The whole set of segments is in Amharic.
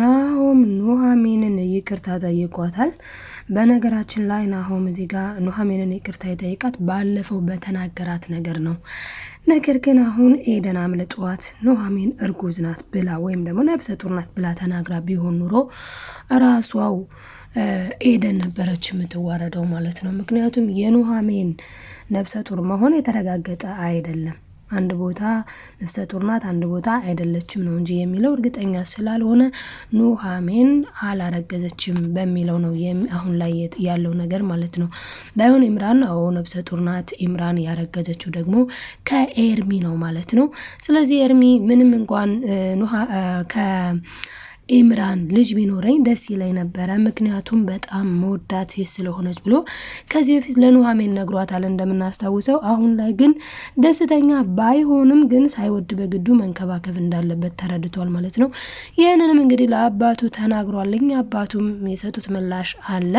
ናሆም ኑሐሚንን ይቅርታ ጠይቋታል። በነገራችን ላይ ናሆም እዚህ ጋር ኑሐሚንን ይቅርታ የጠይቃት ባለፈው በተናገራት ነገር ነው። ነገር ግን አሁን ኤደን አምልጧት ኑሐሚን እርጉዝ ናት ብላ ወይም ደግሞ ነብሰ ጡር ናት ብላ ተናግራ ቢሆን ኑሮ ራሷው ኤደን ነበረች የምትዋረደው ማለት ነው። ምክንያቱም የኑሐሚን ነብሰ ጡር መሆን የተረጋገጠ አይደለም። አንድ ቦታ ነፍሰ ጡር ናት፣ አንድ ቦታ አይደለችም ነው እንጂ የሚለው እርግጠኛ ስላልሆነ ኑሃሜን አላረገዘችም በሚለው ነው አሁን ላይ ያለው ነገር ማለት ነው። ባይሆን ኢምራን አዎ ነፍሰ ጡር ናት። ኢምራን ያረገዘችው ደግሞ ከኤርሚ ነው ማለት ነው። ስለዚህ ኤርሚ ምንም እንኳን ኢምራን ልጅ ቢኖረኝ ደስ ይለኝ ነበረ፣ ምክንያቱም በጣም መወዳት ስለሆነች ብሎ ከዚህ በፊት ለኑሐሚን ነግሯታል እንደምናስታውሰው። አሁን ላይ ግን ደስተኛ ባይሆንም ግን ሳይወድ በግዱ መንከባከብ እንዳለበት ተረድቷል ማለት ነው። ይህንንም እንግዲህ ለአባቱ ተናግሯልኝ አባቱም የሰጡት ምላሽ አለ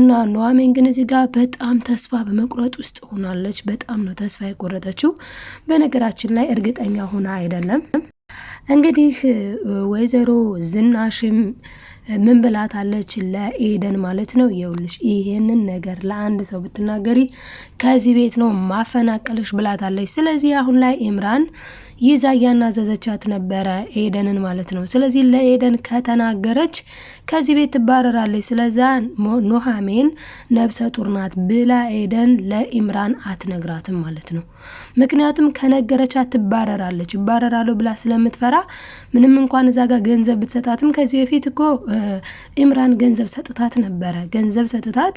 እና ኑሐሚን ግን እዚህ ጋር በጣም ተስፋ በመቁረጥ ውስጥ ሆናለች። በጣም ነው ተስፋ የቆረጠችው። በነገራችን ላይ እርግጠኛ ሆና አይደለም እንግዲህ ወይዘሮ ዝናሽም ምን ብላታለች ለኤደን ማለት ነው፣ የውልሽ ይሄንን ነገር ለአንድ ሰው ብትናገሪ ከዚህ ቤት ነው ማፈናቀልሽ ብላታለች። ስለዚህ አሁን ላይ ኢምራን ይዛ እያናዘዘቻት ነበረ ኤደንን ማለት ነው። ስለዚህ ለኤደን ከተናገረች ከዚህ ቤት ትባረራለች፣ ስለዛ ኑሐሚን ነብሰ ጡር ናት ብላ ኤደን ለኢምራን አትነግራትም ማለት ነው። ምክንያቱም ከነገረቻት ትባረራለች፣ ይባረራለሁ ብላ ስለምትፈራ ምንም እንኳን እዛ ጋር ገንዘብ ብትሰጣትም ከዚህ በፊት እኮ ኢምራን ገንዘብ ሰጥታት ነበረ። ገንዘብ ሰጥታት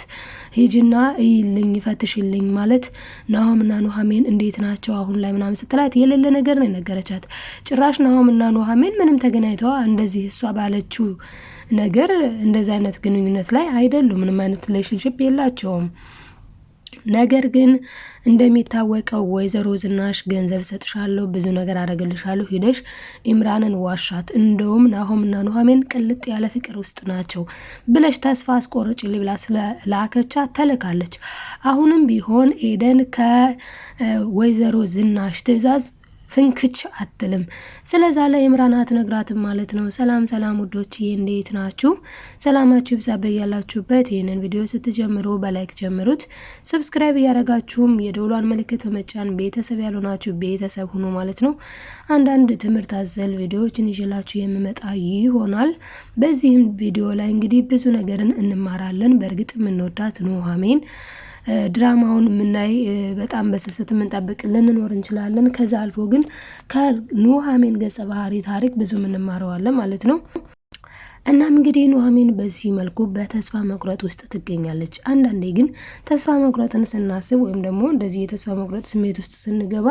ሂጂና እይልኝ፣ ይፈትሽልኝ ማለት ናሆምና ኑሐሚን እንዴት ናቸው አሁን ላይ ምናምን ስትላት የሌለ ነገር ነው ነገረቻት። ጭራሽ ናሆም እና ኑሐሚን ምንም ተገናኝተዋ እንደዚህ እሷ ባለችው ነገር እንደዚህ አይነት ግንኙነት ላይ አይደሉም። ምንም አይነት ሪሌሽንሽፕ የላቸውም። ነገር ግን እንደሚታወቀው ወይዘሮ ዝናሽ ገንዘብ ሰጥሻለሁ፣ ብዙ ነገር አረግልሻለሁ፣ ሂደሽ ኢምራንን ዋሻት፣ እንደውም ናሆምና ኑሐሚን ቅልጥ ያለ ፍቅር ውስጥ ናቸው ብለሽ ተስፋ አስቆርጭ ልብላ ስለላከቻ ተልካለች። አሁንም ቢሆን ኤደን ከወይዘሮ ዝናሽ ትዕዛዝ ፍንክች አትልም። ስለዛ ምራናት ነግራትም ማለት ነው። ሰላም ሰላም ይህ እንዴት ናችሁ? ሰላማችሁ ይብዛ በያላችሁበት። ይህንን ቪዲዮ ስትጀምሩ በላይክ ጀምሩት። ሰብስክራይብ እያደረጋችሁም የደውሏን ምልክት በመጫን ቤተሰብ ያልሆናችሁ ቤተሰብ ሁኑ ማለት ነው። አንዳንድ ትምህርት አዘል ቪዲዮዎችን ይዤላችሁ የምመጣ ይሆናል። በዚህም ቪዲዮ ላይ እንግዲህ ብዙ ነገርን እንማራለን። በእርግጥ የምንወዳት ኑሃሚን ድራማውን የምናይ በጣም በስስት የምንጠብቅ ልንኖር እንችላለን። ከዛ አልፎ ግን ከኑሐሚን ገጸ ባህሪ ታሪክ ብዙ የምንማረዋለን ማለት ነው። እናም እንግዲህ ኑሐሚን በዚህ መልኩ በተስፋ መቁረጥ ውስጥ ትገኛለች። አንዳንዴ ግን ተስፋ መቁረጥን ስናስብ ወይም ደግሞ እንደዚህ የተስፋ መቁረጥ ስሜት ውስጥ ስንገባ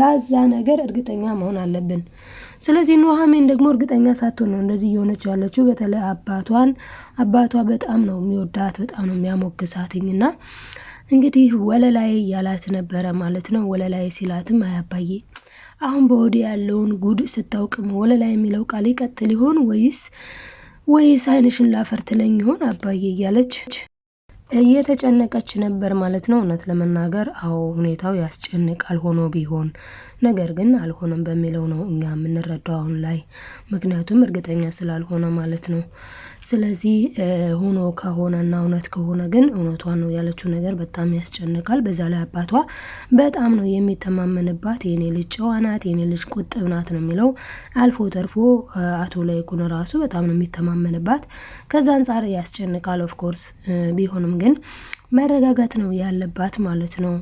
ላዛ ነገር እርግጠኛ መሆን አለብን። ስለዚህ ኑሐሚን ደግሞ እርግጠኛ ሳትሆን ነው እንደዚህ እየሆነች ያለችው። በተለይ አባቷን አባቷ በጣም ነው የሚወዳት፣ በጣም ነው የሚያሞግሳትኝ እና እንግዲህ ወለላይ ያላት ነበረ ማለት ነው። ወለላይ ሲላትም አያባዬ አሁን በወዲ ያለውን ጉድ ስታውቅም ወለላይ የሚለው ቃል ይቀጥል ይሆን ወይስ ወይስ አይንሽን ላፈር ትለኝ ይሆን አባዬ እያለች እየተጨነቀች ነበር ማለት ነው። እውነት ለመናገር አዎ ሁኔታው ያስጨንቃል። ሆኖ ቢሆን ነገር ግን አልሆነም በሚለው ነው እኛ የምንረዳው አሁን ላይ፣ ምክንያቱም እርግጠኛ ስላልሆነ ማለት ነው። ስለዚህ ሆኖ ከሆነና እውነት ከሆነ ግን እውነቷ ነው ያለችው ነገር በጣም ያስጨንቃል። በዛ ላይ አባቷ በጣም ነው የሚተማመንባት። የኔ ልጅ ጨዋ ናት፣ የኔ ልጅ ቁጥብ ናት ነው የሚለው። አልፎ ተርፎ አቶ ላይኩን ራሱ በጣም ነው የሚተማመንባት። ከዛ አንጻር ያስጨንቃል። ኦፍኮርስ ቢሆንም ግን መረጋጋት ነው ያለባት ማለት ነው።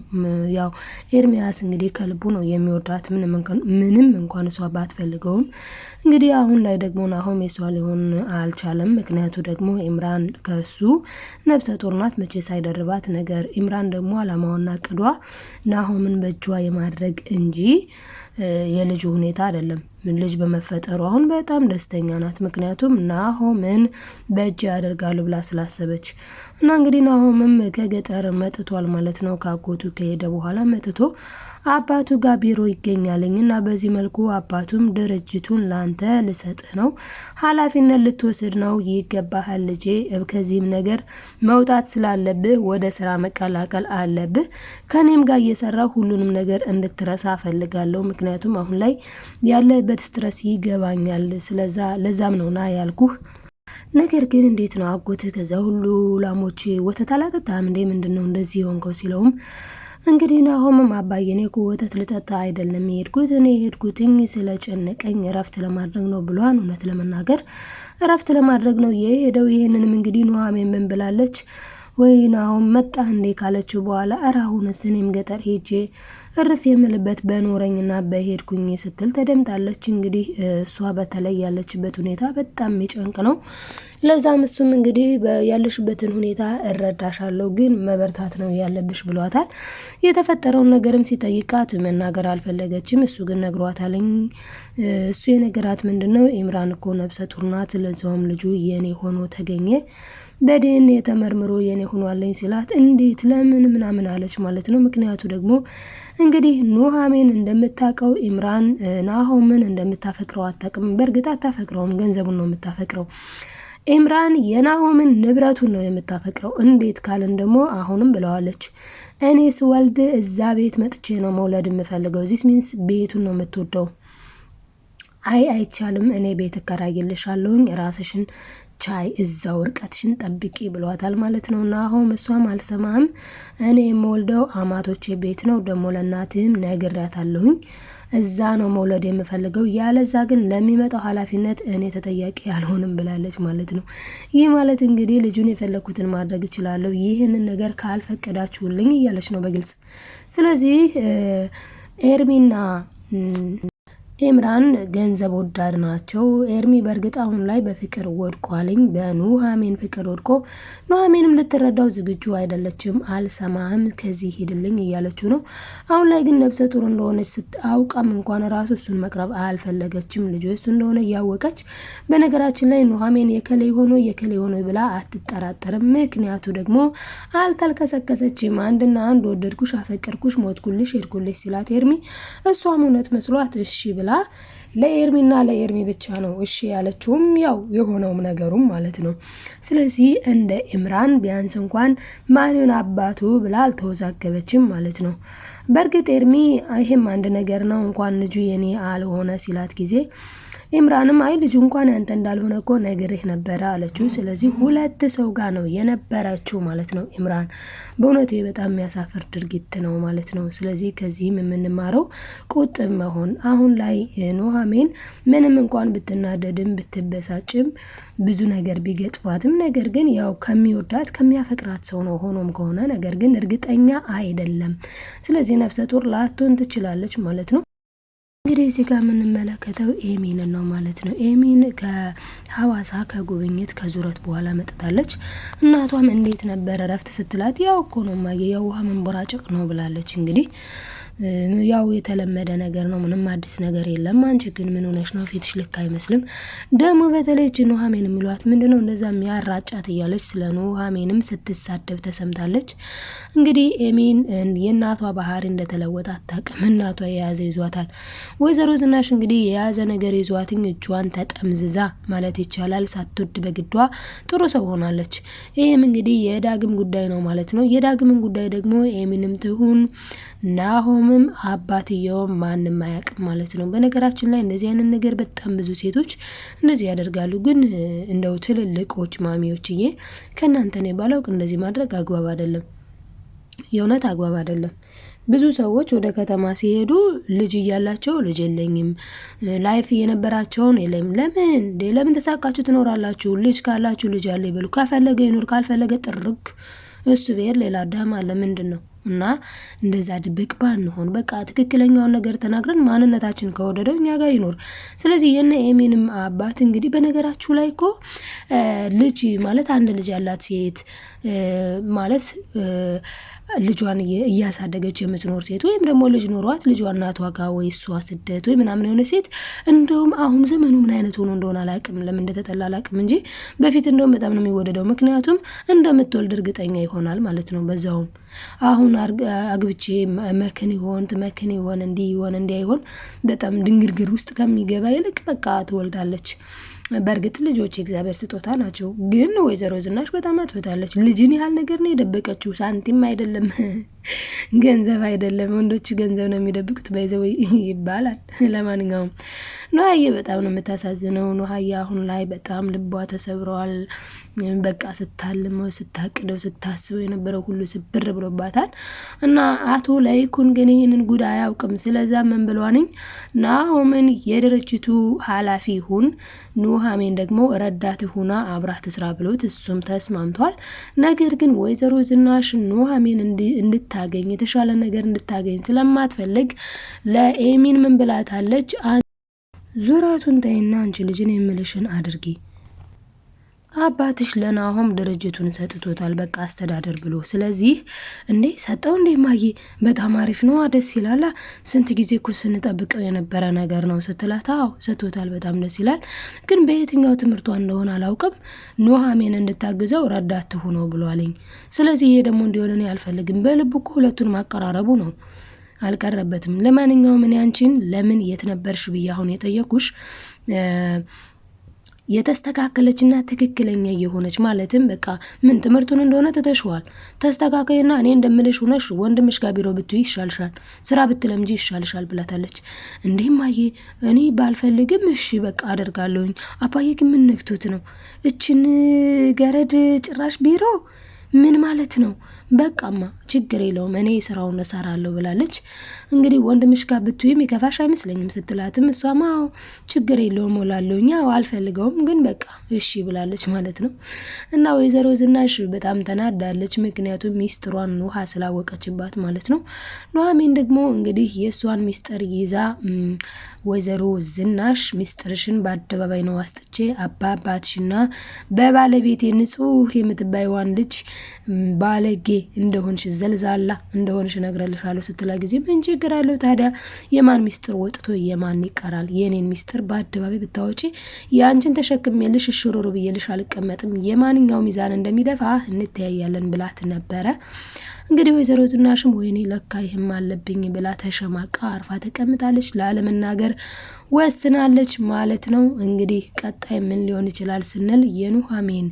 ያው ኤርሚያስ እንግዲህ ከልቡ ነው የሚወዳት ምንም እንኳን እሷ ባትፈልገውም፣ እንግዲህ አሁን ላይ ደግሞ ናሆም የሷ ሊሆን አልቻለም። ምክንያቱ ደግሞ ኢምራን ከሱ ነብሰ ጡር ናት፣ መቼ ሳይደርባት ነገር ኢምራን ደግሞ አላማዋና ቅዷ ናሆምን በእጇ የማድረግ እንጂ የልጁ ሁኔታ አይደለም። ምን ልጅ በመፈጠሩ አሁን በጣም ደስተኛ ናት። ምክንያቱም ናሆምን በእጅ ያደርጋሉ ብላ ስላሰበች እና እንግዲህ ናሆምም ከገጠር መጥቷል ማለት ነው። ከአጎቱ ከሄደ በኋላ መጥቶ አባቱ ጋር ቢሮ ይገኛለኝ እና በዚህ መልኩ አባቱም ድርጅቱን ላንተ ልሰጥ ነው፣ ኃላፊነት ልትወስድ ነው፣ ይገባሃል ልጄ። ከዚህም ነገር መውጣት ስላለብህ ወደ ስራ መቀላቀል አለብህ። ከኔም ጋር እየሰራ ሁሉንም ነገር እንድትረሳ እፈልጋለሁ። ምክንያቱም አሁን ላይ ያለበት ያለህበት ስትረስ ይገባኛል። ስለዛ ለዛም ነውና ያልኩህ። ነገር ግን እንዴት ነው አጎትህ ከዛ ሁሉ ላሞች ወተት አላጠጣም እንዴ? ምንድን ነው እንደዚህ የሆንከው? ሲለውም እንግዲህ ናሆምም አባዬ እኔ እኮ ወተት ልጠጣ አይደለም የሄድኩት እኔ የሄድኩትኝ ጨነቀኝ እረፍት ለማድረግ ነው ብሏን። እውነት ለመናገር እረፍት ለማድረግ ነው የሄደው። ይህንንም እንግዲህ ኑሐሚን ምን ብላለች? ወይን አሁን መጣ እንዴ ካለችው በኋላ እረ አሁንስ እኔም ገጠር ሄጄ እርፍ የምልበት በኖረኝና በሄድኩኝ ስትል ተደምጣለች። እንግዲህ እሷ በተለይ ያለችበት ሁኔታ በጣም የሚጨንቅ ነው። ለዛም እሱም እንግዲህ ያለሽበትን ሁኔታ እረዳሻለሁ፣ ግን መበርታት ነው ያለብሽ ብሏታል። የተፈጠረውን ነገርም ሲጠይቃት መናገር አልፈለገችም። እሱ ግን ነግሯታለኝ። እሱ የነገራት ምንድን ነው ኢምራን እኮ ነብሰ ጡር ናት፣ ለዛውም ልጁ የኔ ሆኖ ተገኘ በዲኤንኤ ተመርምሮ የኔ ሆኗለኝ ሲላት እንዴት ለምን ምናምን አለች ማለት ነው። ምክንያቱ ደግሞ እንግዲህ ኑሐሚን እንደምታውቀው ኢምራን ናሆምን እንደምታፈቅረው አታውቅም። በእርግጥ አታፈቅረውም፣ ገንዘቡን ነው የምታፈቅረው። ኢምራን የናሆምን ንብረቱን ነው የምታፈቅረው። እንዴት ካልን ደግሞ አሁንም ብለዋለች፣ እኔ ስወልድ እዛ ቤት መጥቼ ነው መውለድ የምፈልገው። ዚስ ሚንስ ቤቱን ነው የምትወደው። አይ አይቻልም፣ እኔ ቤት እከራይልሻለሁኝ ራስሽን ቻይ እዛው እርቀትሽን ጠብቂ ብሏታል ማለት ነው። ናሆም እሷም አልሰማህም፣ እኔ የምወልደው አማቶቼ ቤት ነው፣ ደግሞ ለእናትህም ነግሬያታለሁኝ እዛ ነው መውለድ የምፈልገው፣ ያለዛ ግን ለሚመጣው ኃላፊነት እኔ ተጠያቂ አልሆንም ብላለች ማለት ነው። ይህ ማለት እንግዲህ ልጁን የፈለግኩትን ማድረግ እችላለሁ፣ ይህንን ነገር ካልፈቀዳችሁልኝ እያለች ነው በግልጽ። ስለዚህ ኤርሚና ኤምራን ገንዘብ ወዳድ ናቸው። ኤርሚ በእርግጥ አሁን ላይ በፍቅር ወድቋልኝ በኑሐሚን ፍቅር ወድቆ ኑሐሚንም ልትረዳው ዝግጁ አይደለችም። አልሰማህም ከዚህ ሂድልኝ እያለችው ነው። አሁን ላይ ግን ነብሰ ጡር እንደሆነች ስታውቃም እንኳን ራሱ እሱን መቅረብ አልፈለገችም። ልጁ እሱ እንደሆነ እያወቀች በነገራችን ላይ ኑሐሚን የከሌ ሆኖ የከሌ ሆኖ ብላ አትጠራጠርም። ምክንያቱ ደግሞ አልተልከሰከሰችም። አንድና አንድ ወደድኩሽ፣ አፈቀርኩሽ፣ ሞትኩልሽ፣ ሄድኩልሽ ሲላት ኤርሚ እሷም እውነት መስሏት እሺ ብላ ಮಾಡಲ್ಲ ለኤርሚና ለኤርሚ ብቻ ነው እሺ ያለችውም ያው የሆነውም ነገሩም ማለት ነው። ስለዚህ እንደ ኢምራን ቢያንስ እንኳን ማንን አባቱ ብላ አልተወዛገበችም ማለት ነው። በእርግጥ ኤርሚ ይህም አንድ ነገር ነው እንኳን ልጁ የኔ አልሆነ ሲላት ጊዜ ኢምራንም አይ ልጁ እንኳን ያንተ እንዳልሆነ እኮ ነግሬህ ነበረ አለችው። ስለዚህ ሁለት ሰው ጋር ነው የነበረችው ማለት ነው ኢምራን። በእውነቱ በጣም የሚያሳፍር ድርጊት ነው ማለት ነው። ስለዚህ ከዚህም የምንማረው ቁጥብ መሆን አሁን ላይ ኖሃ ኑሐሚን ምንም እንኳን ብትናደድም ብትበሳጭም ብዙ ነገር ቢገጥማትም ነገር ግን ያው ከሚወዳት ከሚያፈቅራት ሰው ነው። ሆኖም ከሆነ ነገር ግን እርግጠኛ አይደለም። ስለዚህ ነፍሰ ጡር ላትሆን ትችላለች ማለት ነው። እንግዲህ እዚህ ጋር የምንመለከተው ኤሚን ነው ማለት ነው። ኤሚን ከሀዋሳ ከጉብኝት ከዙረት በኋላ መጥታለች። እናቷም እንዴት ነበረ እረፍት ስትላት ያው እኮ ነው ማየ የውሃ መንቦራጨቅ ነው ብላለች እንግዲህ ያው የተለመደ ነገር ነው። ምንም አዲስ ነገር የለም። አንቺ ግን ምን ሆነሽ ነው? ፊትሽ ልክ አይመስልም። ደግሞ በተለይ እጅ ኑሐሚን የሚሏት ነው እንደዛ የሚያራጫት እያለች ስለ ኑሐሚንም ስትሳደብ ተሰምታለች። እንግዲህ ኤሚን የእናቷ ባህሪ እንደተለወጠ አታውቅም። እናቷ የያዘ ይዟታል። ወይዘሮ ዝናሽ እንግዲህ የያዘ ነገር ይዟትኝ እጇን ተጠምዝዛ ማለት ይቻላል ሳትወድ በግዷ ጥሩ ሰው ሆናለች። ይህም እንግዲህ የዳግም ጉዳይ ነው ማለት ነው። የዳግምን ጉዳይ ደግሞ ኤሚንም ትሁን ናሆምም አባትየውም ማንም አያውቅም ማለት ነው። በነገራችን ላይ እንደዚህ አይነት ነገር በጣም ብዙ ሴቶች እንደዚህ ያደርጋሉ። ግን እንደው ትልልቆች ማሚዎችዬ ከእናንተ እኔ ባላውቅ እንደዚህ ማድረግ አግባብ አይደለም፣ የእውነት አግባብ አይደለም። ብዙ ሰዎች ወደ ከተማ ሲሄዱ ልጅ እያላቸው ልጅ የለኝም ላይፍ እየነበራቸውን የለም። ለምን ለምን ተሳቃችሁ ትኖራላችሁ? ልጅ ካላችሁ ልጅ አለ ይበሉ። ካፈለገ ይኖር ካልፈለገ ጥርግ እሱ ብሔር ሌላ አዳም አለ። ምንድን ነው እና እንደዛ ድብቅ ባንሆን በቃ ትክክለኛውን ነገር ተናግረን ማንነታችን ከወደደው እኛ ጋር ይኖር። ስለዚህ የነ ኤሚንም አባት እንግዲህ በነገራችሁ ላይ እኮ ልጅ ማለት አንድ ልጅ ያላት ሴት ማለት ልጇን እያሳደገች የምትኖር ሴት ወይም ደግሞ ልጅ ኖሯት ልጇ እናቷ ጋ ወይ እሷ ስደት ወይ ምናምን የሆነ ሴት እንደውም አሁን ዘመኑ ምን አይነት ሆኖ እንደሆነ አላቅም፣ ለምን እንደተጠላ አላቅም እንጂ በፊት እንደውም በጣም ነው የሚወደደው። ምክንያቱም እንደምትወልድ እርግጠኛ ይሆናል ማለት ነው። በዛውም አሁን አግብቼ መክን ይሆን ትመክን ይሆን እንዲህ ይሆን እንዲያ ይሆን በጣም ድንግርግር ውስጥ ከሚገባ ይልቅ በቃ ትወልዳለች። በእርግጥ ልጆች የእግዚአብሔር ስጦታ ናቸው፣ ግን ወይዘሮ ዝናሽ በጣም አጥፍታለች። ልጅን ያህል ነገር ነው የደበቀችው፣ ሳንቲም አይደለም። ገንዘብ አይደለም ወንዶቹ ገንዘብ ነው የሚደብቁት፣ በይዘው ይባላል። ለማንኛውም ኑሀዬ በጣም ነው የምታሳዝነው። ኑሀዬ አሁን ላይ በጣም ልቧ ተሰብረዋል። በቃ ስታልመው ስታቅደው ስታስበው የነበረው ሁሉ ስብር ብሎባታል እና አቶ ለይኩን ግን ይህንን ጉዳ አያውቅም። ስለዛ ምን ብሏንኝ ናሆምን የድርጅቱ ኃላፊ ሁን፣ ኑሀሜን ደግሞ ረዳት ሁና አብራህ ትስራ ብሎት እሱም ተስማምቷል። ነገር ግን ወይዘሮ ዝናሽ ኑሀሜን እንድታ እንድታገኝ የተሻለ ነገር እንድታገኝ ስለማትፈልግ ለኤሚን ምን ብላታለች? ዙራቱን ተይና አንቺ ልጅን የምልሽን አድርጊ አባትሽ ለናሆም ድርጅቱን ሰጥቶታል፣ በቃ አስተዳደር ብሎ። ስለዚህ እንዴ ሰጠው እንዴ ማዬ፣ በጣም አሪፍ ነው፣ ደስ ይላል። ስንት ጊዜ እኮ ስንጠብቀው የነበረ ነገር ነው ስትላት፣ አዎ ሰጥቶታል፣ በጣም ደስ ይላል። ግን በየትኛው ትምህርቷ እንደሆነ አላውቅም፣ ኑሐሚን እንድታግዘው ረዳት ትሁኖ ብሏልኝ። ስለዚህ ይሄ ደግሞ እንዲሆን አልፈልግም። በልብ እኮ ሁለቱን ማቀራረቡ ነው አልቀረበትም። ለማንኛውም እኔ አንቺን ለምን የት ነበርሽ ብዬ አሁን የጠየኩሽ የተስተካከለችና ትክክለኛ የሆነች ማለትም በቃ ምን ትምህርቱን እንደሆነ ትተሽዋል፣ ተስተካከይና እኔ እንደምልሽ ሆነሽ ወንድምሽ ጋር ቢሮ ብትይ ይሻልሻል፣ ስራ ብትለምጂ ይሻልሻል ብላታለች። እንዲህም አየ እኔ ባልፈልግም እሺ በቃ አደርጋለሁኝ። አባዬ ግን ምን ነክቶት ነው? እችን ገረድ ጭራሽ ቢሮ ምን ማለት ነው? በቃማ ችግር የለውም እኔ ስራውን እሰራለሁ ብላለች። እንግዲህ ወንድምሽ ጋር ብትይም የከፋሽ አይመስለኝም ስትላትም እሷማ ችግር የለውም እላለሁ እኛ አልፈልገውም ግን በቃ እሺ ብላለች ማለት ነው። እና ወይዘሮ ዝናሽ በጣም ተናዳለች። ምክንያቱም ሚስጥሯን ውሃ ስላወቀችባት ማለት ነው። ኑሐሚን ደግሞ እንግዲህ የእሷን ሚስጥር ይዛ ወይዘሮ ዝናሽ ሚስጥርሽን በአደባባይ ነው አስጥቼ አባባትሽና በባለቤቴ ንጹህ የምትባይዋን ልጅ ባለጌ እንደሆንሽ ዘልዛላ እንደሆንሽ እነግርልሻለሁ ስትላ ጊዜ ምን ችግር አለው ታዲያ? የማን ሚስጥር ወጥቶ የማን ይቀራል? የኔን ሚስጥር በአደባባይ ብታወጪ የአንቺን ተሸክሜልሽ እሽሮሮ ብዬልሽ አልቀመጥም። የማንኛው ሚዛን እንደሚደፋ እንተያያለን ብላት ነበረ። እንግዲህ ወይዘሮ ዝናሽም ወይኔ ለካ ይህም አለብኝ ብላ ተሸማቃ አርፋ ተቀምጣለች። ላለመናገር ወስናለች ማለት ነው። እንግዲህ ቀጣይ ምን ሊሆን ይችላል ስንል የኑሐሚን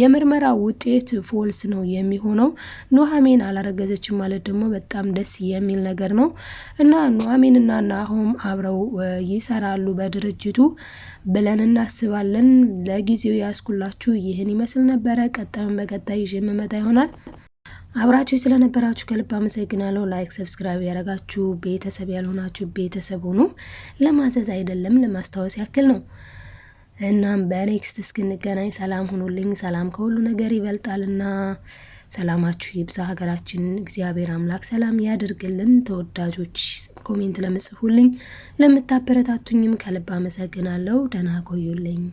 የምርመራ ውጤት ፎልስ ነው የሚሆነው። ኑሐሚን አላረገዘችም ማለት ደግሞ በጣም ደስ የሚል ነገር ነው እና ኑሐሚንና ናሆም አብረው ይሰራሉ በድርጅቱ ብለን እናስባለን። ለጊዜው ያስኩላችሁ ይህን ይመስል ነበረ። ቀጣዩን በቀጣይ ይዤ የምመጣ ይሆናል። አብራችሁ ስለነበራችሁ ከልብ አመሰግናለሁ። ላይክ፣ ሰብስክራይብ ያደረጋችሁ ቤተሰብ ያልሆናችሁ ቤተሰብ ሆኑ። ለማዘዝ አይደለም ለማስታወስ ያክል ነው። እናም በኔክስት እስክንገናኝ ሰላም ሁኑልኝ። ሰላም ከሁሉ ነገር ይበልጣልና ሰላማችሁ ይብዛ። ሀገራችን እግዚአብሔር አምላክ ሰላም ያደርግልን። ተወዳጆች ኮሜንት ለምጽፉልኝ ለምታበረታቱኝም ከልብ አመሰግናለሁ። ደህና ቆዩልኝ።